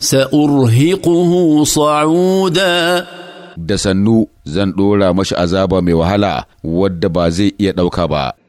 سأرهقه صعودا da sannu zan ɗora mashi azaba mai wahala wadda ba zai iya ɗauka ba.